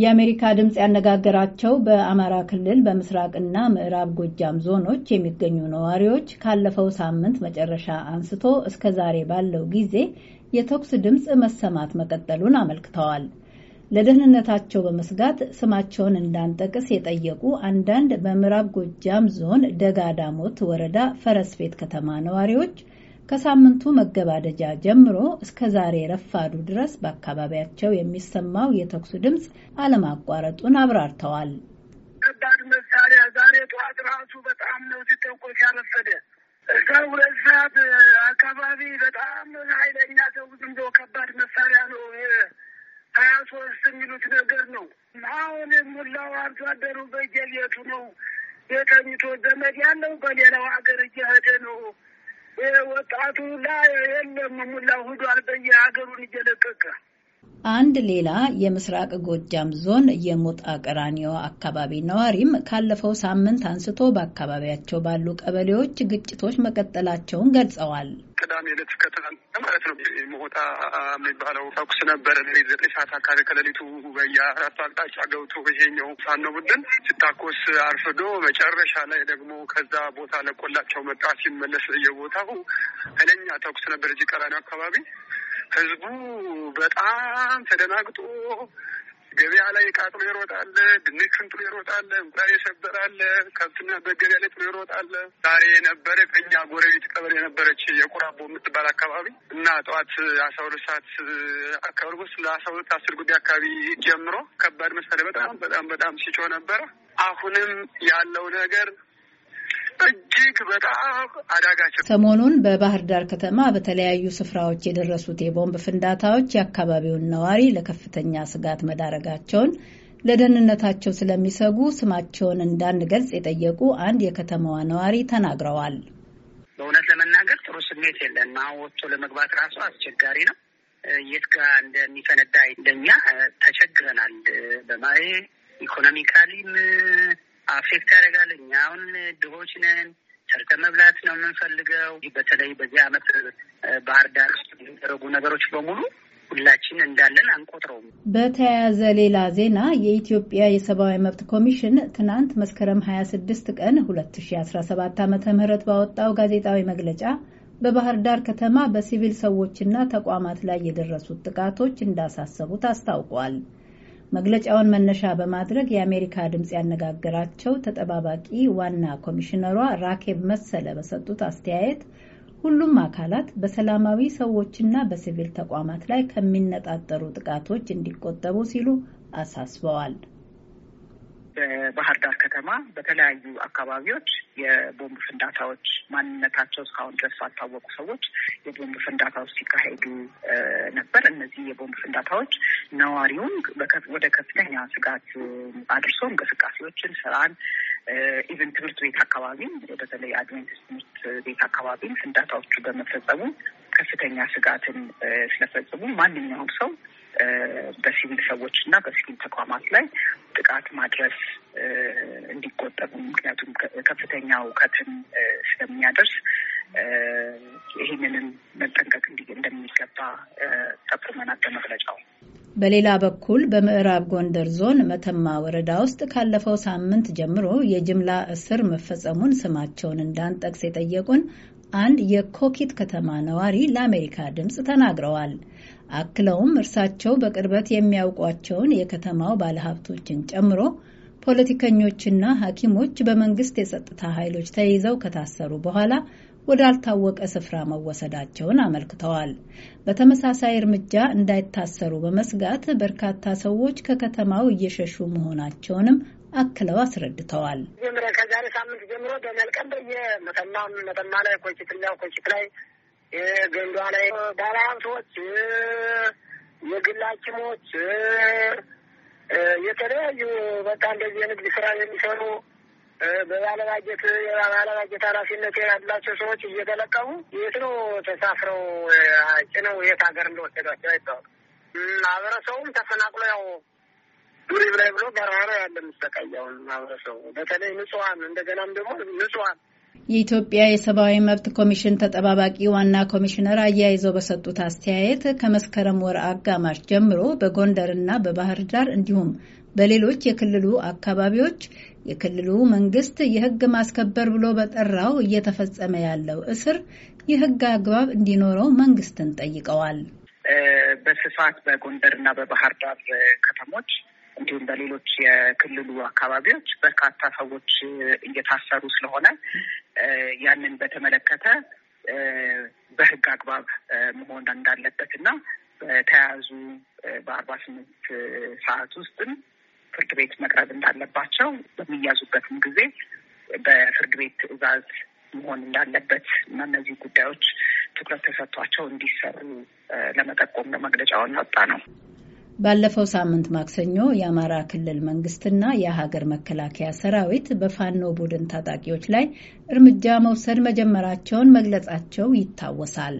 የአሜሪካ ድምፅ ያነጋገራቸው በአማራ ክልል በምስራቅና ምዕራብ ጎጃም ዞኖች የሚገኙ ነዋሪዎች ካለፈው ሳምንት መጨረሻ አንስቶ እስከ ዛሬ ባለው ጊዜ የተኩስ ድምፅ መሰማት መቀጠሉን አመልክተዋል። ለደህንነታቸው በመስጋት ስማቸውን እንዳንጠቅስ የጠየቁ አንዳንድ በምዕራብ ጎጃም ዞን ደጋ ዳሞት ወረዳ ፈረስ ቤት ከተማ ነዋሪዎች ከሳምንቱ መገባደጃ ጀምሮ እስከ ዛሬ ረፋዱ ድረስ በአካባቢያቸው የሚሰማው የተኩሱ ድምፅ አለማቋረጡን አብራርተዋል። ከባድ መሳሪያ ዛሬ ጠዋት ራሱ በጣም ነው ሲተኮስ ያረፈደ እስከ ሁለት ሰዓት አካባቢ በጣም ኃይለኛ ተኩስ እንደ ከባድ መሳሪያ ነው። ሀያ ሶስት የሚሉት ነገር ነው። አሁን የሙላው አርሶ አደሩ በየቤቱ ነው የተኝቶ ዘመድ ያለው በሌላው ሀገር እየሄደ ነው ወጣቱ ላይ የለም ሙላ ሁዷል ሀገሩን እየለቀቀ አንድ ሌላ የምስራቅ ጎጃም ዞን የሞጣ ቀራኒዮ አካባቢ ነዋሪም ካለፈው ሳምንት አንስቶ በአካባቢያቸው ባሉ ቀበሌዎች ግጭቶች መቀጠላቸውን ገልጸዋል። ቅዳሜ ዕለት ከትናንት ማለት ነው ሞጣ የሚባለው ተኩስ ነበረ። ሌሊት ዘጠኝ ሰዓት አካባቢ ከሌሊቱ በየአራቱ አቅጣጫ ገብቶ ይሄኛው ፋኖ ቡድን ሲታኮስ አርፍዶ መጨረሻ ላይ ደግሞ ከዛ ቦታ ለቆላቸው መጣ። ሲመለስ የቦታው ኃይለኛ ተኩስ ነበር እዚህ ቀራኒዮ አካባቢ ህዝቡ በጣም ተደናግጦ ገበያ ላይ ዕቃ ጥሎ ይሮጣል። ድንቹን ጥሎ ይሮጣል። እንቁላል የሰበራል። ከብትና በገበያ ላይ ጥሎ ይሮጣል። ዛሬ የነበረ ከኛ ጎረቤት ቀበሌ የነበረች የቁራቦ የምትባል አካባቢ እና ጠዋት አስራ ሁለት ሰዓት አካባቢ ውስጥ ለአስራ ሁለት አስር ጉዳይ አካባቢ ጀምሮ ከባድ መሳሪያ በጣም በጣም በጣም ሲጮህ ነበረ። አሁንም ያለው ነገር እጅግ በጣም አዳጋቸው። ሰሞኑን በባህር ዳር ከተማ በተለያዩ ስፍራዎች የደረሱት የቦምብ ፍንዳታዎች የአካባቢውን ነዋሪ ለከፍተኛ ስጋት መዳረጋቸውን ለደህንነታቸው ስለሚሰጉ ስማቸውን እንዳንገልጽ የጠየቁ አንድ የከተማዋ ነዋሪ ተናግረዋል። በእውነት ለመናገር ጥሩ ስሜት የለን። ወጥቶ ለመግባት ራሱ አስቸጋሪ ነው። የት ጋ እንደሚፈነዳ እንደኛ ተቸግረናል። በማየ ኢኮኖሚካሊም አፌክት ያደርጋል። እኛ አሁን ድሆች ነን። ሰርተ መብላት ነው የምንፈልገው። በተለይ በዚህ አመት ባህር ዳር ውስጥ የሚደረጉ ነገሮች በሙሉ ሁላችን እንዳለን አንቆጥረውም። በተያያዘ ሌላ ዜና የኢትዮጵያ የሰብአዊ መብት ኮሚሽን ትናንት መስከረም 26 ቀን 2017 ዓ ም ባወጣው ጋዜጣዊ መግለጫ በባህር ዳር ከተማ በሲቪል ሰዎችና ተቋማት ላይ የደረሱት ጥቃቶች እንዳሳሰቡት አስታውቋል። መግለጫውን መነሻ በማድረግ የአሜሪካ ድምፅ ያነጋገራቸው ተጠባባቂ ዋና ኮሚሽነሯ ራኬብ መሰለ በሰጡት አስተያየት ሁሉም አካላት በሰላማዊ ሰዎችና በሲቪል ተቋማት ላይ ከሚነጣጠሩ ጥቃቶች እንዲቆጠቡ ሲሉ አሳስበዋል። በባህር ዳር ከተማ በተለያዩ አካባቢዎች የቦምብ ፍንዳታዎች ማንነታቸው እስካሁን ድረስ ባልታወቁ ሰዎች የቦምብ ፍንዳታዎች ሲካሄዱ ነበር። እነዚህ የቦምብ ፍንዳታዎች ነዋሪውን ወደ ከፍተኛ ስጋት አድርሶ እንቅስቃሴዎችን፣ ስራን፣ ኢቨን ትምህርት ቤት አካባቢም በተለይ አድቬንቲስት ትምህርት ቤት አካባቢም ፍንዳታዎቹ በመፈጸሙ ከፍተኛ ስጋትን ስለፈጽሙ ማንኛውም ሰው በሲቪል ሰዎች እና በሲቪል ተቋማት ላይ ጥቃት ማድረስ እንዲቆጠቡ፣ ምክንያቱም ከፍተኛ እውቀትን ስለሚያደርስ ይህንንም መጠንቀቅ እንደሚገባ ጠቁመናል በመግለጫው። በሌላ በኩል በምዕራብ ጎንደር ዞን መተማ ወረዳ ውስጥ ካለፈው ሳምንት ጀምሮ የጅምላ እስር መፈጸሙን ስማቸውን እንዳንጠቅስ የጠየቁን አንድ የኮኪት ከተማ ነዋሪ ለአሜሪካ ድምፅ ተናግረዋል። አክለውም እርሳቸው በቅርበት የሚያውቋቸውን የከተማው ባለሀብቶችን ጨምሮ ፖለቲከኞችና ሐኪሞች በመንግስት የጸጥታ ኃይሎች ተይዘው ከታሰሩ በኋላ ወዳልታወቀ ስፍራ መወሰዳቸውን አመልክተዋል። በተመሳሳይ እርምጃ እንዳይታሰሩ በመስጋት በርካታ ሰዎች ከከተማው እየሸሹ መሆናቸውንም አክለው አስረድተዋል። ጀምረ ከዛሬ ሳምንት ጀምሮ በመልቀም መተማም መተማ ላይ ኮንችትና ኮንችት ላይ ገንዷ ላይ ባለሀብቶች፣ የግል የተለያዩ በቃ እንደዚህ የንግድ ስራ የሚሰሩ በባለባጀት የባለባጀት ኃላፊነት ያላቸው ሰዎች እየተለቀሙ የት ነው ተሳፍረው ጭነው የት ሀገር እንደወሰዷቸው አይታወቅም። ማህበረሰቡም ተፈናቅሎ ያው ዱሪ ብላይ ብሎ በረሃ ያለ የሚሰቃየውን ማህበረሰቡ በተለይ ንጹሀን እንደገናም ደግሞ ንጹሀን የኢትዮጵያ የሰብአዊ መብት ኮሚሽን ተጠባባቂ ዋና ኮሚሽነር አያይዘው በሰጡት አስተያየት ከመስከረም ወር አጋማሽ ጀምሮ በጎንደርና በባህር ዳር እንዲሁም በሌሎች የክልሉ አካባቢዎች የክልሉ መንግስት የሕግ ማስከበር ብሎ በጠራው እየተፈጸመ ያለው እስር የሕግ አግባብ እንዲኖረው መንግስትን ጠይቀዋል። በስፋት በጎንደርና በባህር ዳር ከተሞች እንዲሁም በሌሎች የክልሉ አካባቢዎች በርካታ ሰዎች እየታሰሩ ስለሆነ ያንን በተመለከተ በህግ አግባብ መሆን እንዳለበት እና በተያያዙ በአርባ ስምንት ሰዓት ውስጥም ፍርድ ቤት መቅረብ እንዳለባቸው በሚያዙበትም ጊዜ በፍርድ ቤት ትዕዛዝ መሆን እንዳለበት እና እነዚህ ጉዳዮች ትኩረት ተሰጥቷቸው እንዲሰሩ ለመጠቆም ነው መግለጫውን ያወጣ ነው። ባለፈው ሳምንት ማክሰኞ የአማራ ክልል መንግስትና የሀገር መከላከያ ሰራዊት በፋኖ ቡድን ታጣቂዎች ላይ እርምጃ መውሰድ መጀመራቸውን መግለጻቸው ይታወሳል።